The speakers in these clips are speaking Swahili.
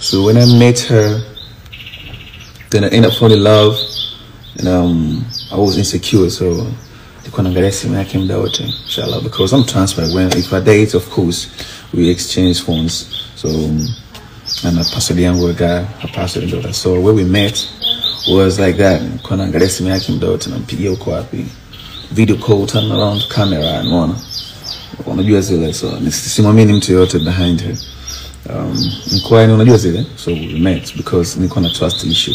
So when I met her, then I ended up falling in love, and um, I was insecure, so the couldn't embarrass me when I came down with him, because I'm transparent. When if I date, of course, we exchange phones. So, um, and I passed the young guy, I passed the daughter. So where we met was like that. Couldn't embarrass me, I came that way, and video copy, video call, turn around camera, and one. as well. so nisimamie ni meaning yoyote behind her um, mkoani unajua zile so we met because nilikuwa na trust issue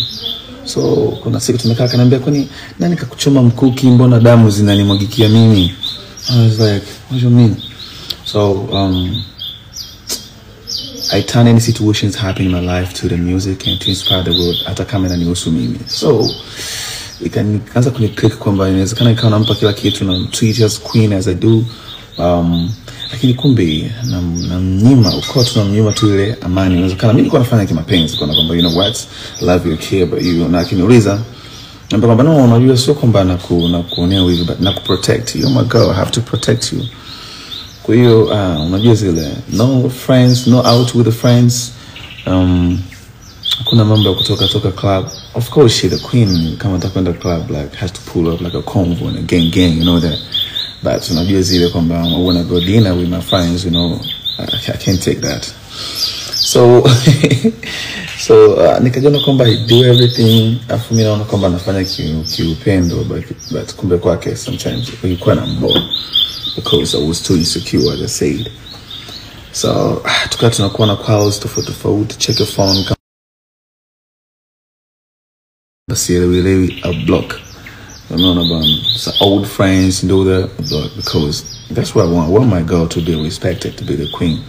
so kuna siku tumekaa kaniambia kwani nani kakuchoma mkuki mbona damu zinanimwagikia mimi I was like what do you mean so um, I turn any situations happening in my life to the music and to inspire the world hata kama inanihusu mimi so ikaanza kuniclick kwamba inawezekana ikawa nampa kila kitu na treat as queen as I do um, lakini kumbe namnyima na ukawa tunamnyima tu ile amani. Inawezekana mimi nilikuwa nafanya kimapenzi kwa kwamba you know what love you care but you na akiniuliza namba kwamba no, unajua sio kwamba na ku, na kuonea wivu but na kuprotect you. Oh my girl, I have to protect you. Kwa hiyo uh, unajua zile no friends, no out with the friends um, kuna mambo ya kutoka toka club. Of course she the queen, kama atakwenda club like has to pull up like a convo and a gang gang, you know that that unajua zile kwamba I wanna go dinner with my friends you know I, I can't take that so so uh, nikajiona kwamba I do everything afu mi naona kwamba nafanya kiupendo ki but, but kumbe kwake sometimes ilikuwa na mbo because I was too insecure as I said so tukaa tunakuwa na calls tofauti tofauti check your phone sielewielewi a block I am not know about old friends do that, but because that's what I want. I want my girl to be respected, to be the queen.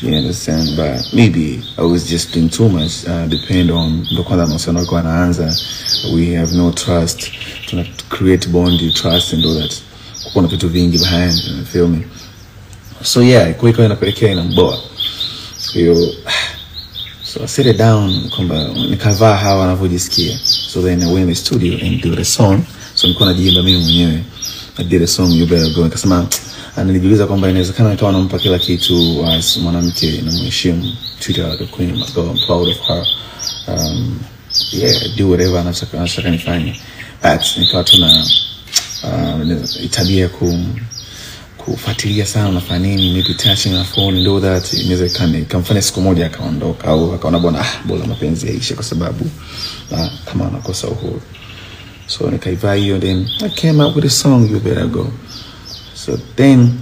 You understand? But maybe I was just doing too much, uh, depend on the of going to answer. We have no trust, to create bond, you trust and all that. Kuna vitu vingi behind, you feel me? So yeah, kuweka inapelekea inamboa. Kwa hiyo so I set it down kwamba nikavaa hawa wanavyojisikia. So then I went in the studio and do the song. so nilikuwa najiimba mimi mwenyewe adire song you better go nikasema ah, nilijiuliza kwamba inawezekana ikawa nampa kila kitu as ah, mwanamke na namheshimu twitter like a queen must go I'm proud of her um, yeah do whatever anataka anataka nifanye but nikawa tuna uh, um, tabia ku kufuatilia sana nafanya nini maybe touching my phone and all that inaweza kani ikamfanya siku moja akaondoka au akaona bwana ah bora mapenzi yaishe kwa sababu uh, kama anakosa uhuru So if I you then I came up with a song, you better go. So then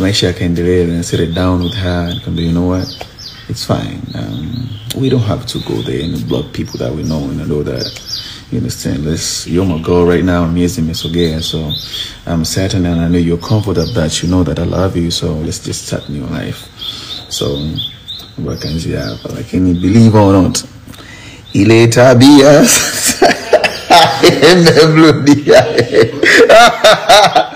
make sure I can deliver and sit it down with her and come, you know what? It's fine. Um, we don't have to go there and block people that we know and know that you understand. Let's you're my girl right now, I'm using Miss O'Gay, so I'm certain and I know you're comfortable that you know that I love you, so let's just start new life. So what can you have? Like can you believe or not? He later be us. en el blue día.